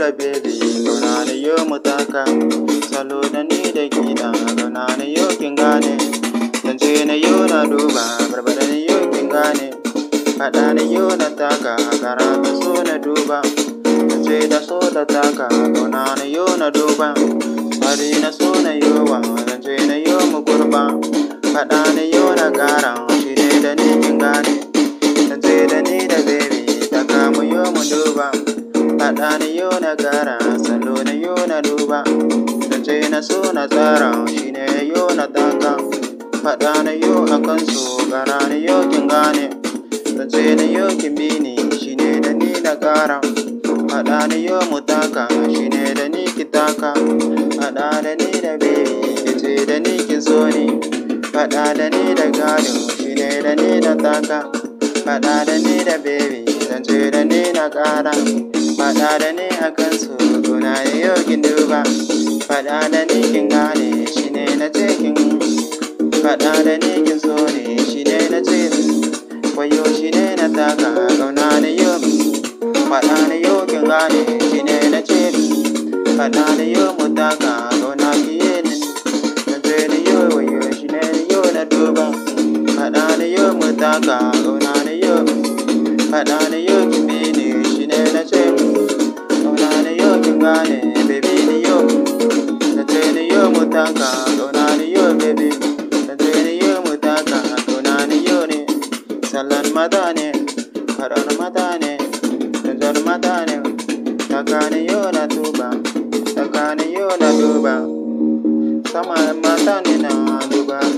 da bebe Gana da yo mutaka Salo da ni da gida Gana da yo kin gane Zance na yo na duba Barbada da yo kin gane Fada da yo na taka Kara da so na duba Zance da so da taka Gana da yo na duba Sari na so na yo wa Zance na yo mu gurba Fada da yo na kara Kaɗa na yo na gara salo na yo na duba. Zance na so na tsara, shi ne yo na taka. Faɗa na yo a kansu, ƙara na yo kin gane. Zance na yo kin bini, shi ne da ni na gara Haɗa na yo mu taka, shi ne da ni ki taka. da ni da baby ki ce da ni ki zo ni. Haɗa da ni da gado, shi ne da ni na taka. Haɗa da ni da bibi, zance da ni na gara. na da ni a kansu na yi yogin duba faɗa da ni kin gane shi ne na cikin kin faɗa da ni kin so ne shi ne na cikin kwayo shi ne na taka gauna da yomi faɗa da yogin gane shi ne na cikin faɗa da yomi taka ƙauna yi ne na ce yi yo wayo shi ne na yo na duba faɗa da yomi taka gauna da yomi faɗa da yogin ne mutaka tunani yo baby tantiri yo mutaka tunani yo ne salan mata ne karon mata ne tunzar mata ne tsakanin yau na tuba tsakanin yau na duba sama mata ne na duba